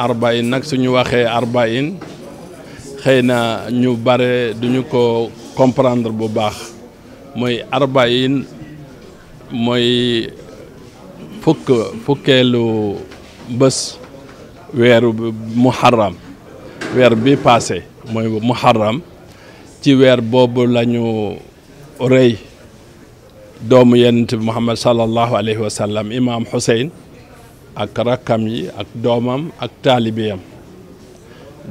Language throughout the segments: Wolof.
أربعين نك سنو واخي أربعين خينا نيو باري دنيو كو كومبراندر بو باخ موي أربعين موي فك فكيلو بس وير محرم وير بي باسي موي محرم تي وير بوبو لانيو ري دوم يانت محمد صلى الله عليه وسلم امام حسين ak rakkam yi ak doomam ak taalibiyam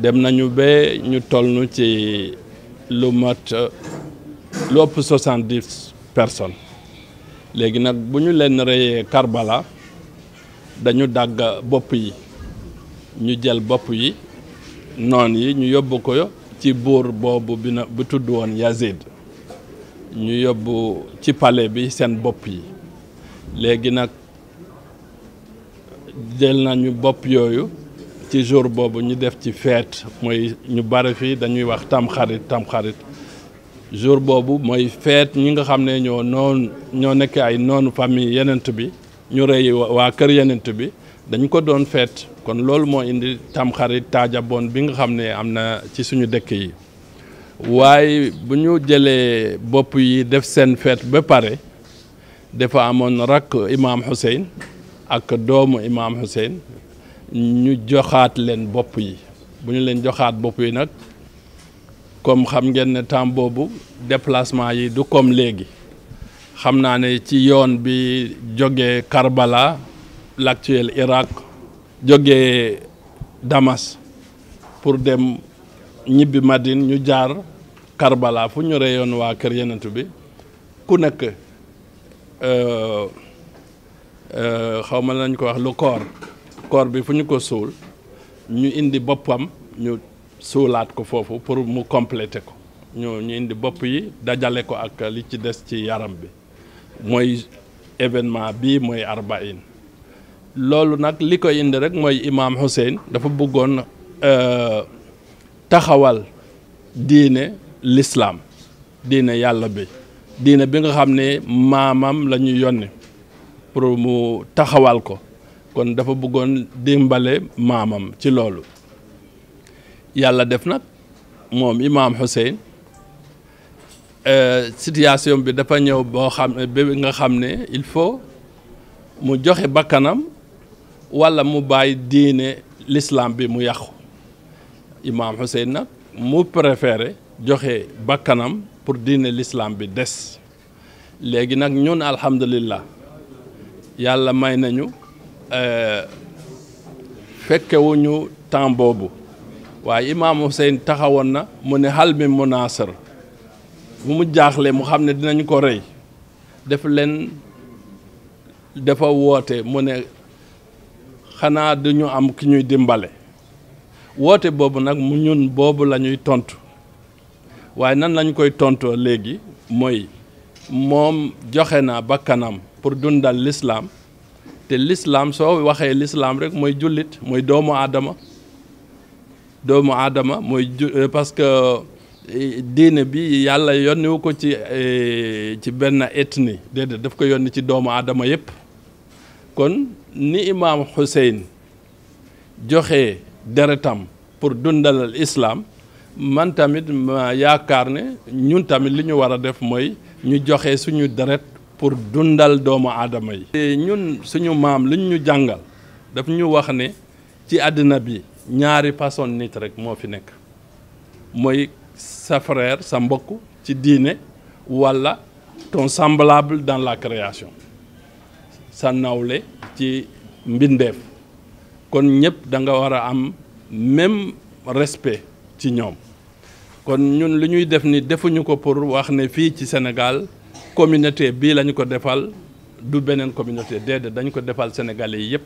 dem nañu ba ñu toll ci lu mat lu ëpp soixante-dix personnes léegi nag bu ñu leen reyee Karbala dañu dagg bopp yi ñu jël bopp yi noon yi ñu yóbbu ko ci buur boobu bi na bu tudd woon Yazid ñu yóbbu ci pale bi seen bopp yi léegi nag jël nañu bopp yooyu ci jour boobu ñu def ci feet mooy ñu bari fii dañuy wax tamxarit tamxarit jour boobu mooy feet ñi nga xam ne ñoo noonu ñoo nekk ay noonu famille yenent bi ñu rëy waa kër yenent bi dañ ko doon feet kon loolu moo indi tamxarit taajabon bi nga xam ne am na ci suñu dëkk yi waaye bu ñu jëlee bopp yi def seen feet ba pare dafa amoon rakk Imaam Hussein ak doomu imaam Hussein ñu joxaat leen bopp yi bu ñu leen joxaat bopp yi nag comme xam ngeen ne temps boobu déplacement yi du comme léegi xam naa ne ci yoon bi joge Karbala l'actuel Irak joge Damas pour dem ñibbi Madine ñu jaar Karbala fu ñu reyoon waa kër yenentu bi ku nekk euh, Euh, xaw ma nañ ko wax lu koor koor bi fu ñu ko suul ñu indi boppam ñu suulaat ko foofu pour mu compléter ko ñu indi bopp yi dajale ko ak li ci des ci yaram bi mooy événement bi mooy arbaïn loolu nag li ko indi rek mooy imaam Hussein dafa bëggoon euh, taxawal diine lislaam diine yàlla bi diine bi nga xam ne maamam la ñu yónni pour mu taxawal ko kon dafa bëggoon démbale maamam ci loolu yàlla def nag moom imaam Hussein euh, situation bi dafa ñëw boo xam ba nga xam ne il faut mu joxe bakkanam walla mu bàyyi diine lislaam bi mu yàqu imaam Hussein nag mu préféré joxe bakkanam pour diine lislaam bi des léegi nag ñun alhamdulillah yàlla may nañu euh, fekkewuñu temps boobu waaye imaam Hussein taxawoon na mu ne hal min munaasir bu mu jaaxle mu xam ne dinañ ko rey def leen dafa woote mu ne xanaa duñu am ki ñuy dimbale woote boobu nag mu ñun boobu lañuy tontu waaye nan lañ koy tontoo léegi mooy moom joxe na bakkanam pour dundal lislaam te lislaam soo waxee lislaam rek mooy jullit mooy doomu aadama doomu aadama mooy ju euh, parce que euh, diine bi yàlla yónniwu ko ci euh, ci benn ethnie déedéet daf ko yónni ci doomu aadama yépp kon ni imaam Hussein joxe deretam pour dundalal islaam man tamit ma yaakaar ne ñun tamit li ñu war a def mooy ñu joxe suñu deret pour dundal doomu aadama yi. ñun suñu maam luñ ñu jàngal daf ñu wax ne ci àddina bi ñaari façon nit rek moo fi nekk mooy sa frère sa mbokk ci diine walla ton semblable dans la création sa nawle ci mbindeef kon ñëpp da nga war a am même respect ci ñoom kon ñun lu ñuy def ni defuñu ko pour wax ne fii ci senegal communauté bii lañu ko defal du beneen communauté déedéet dañu ko defal sénégalais yi yëpp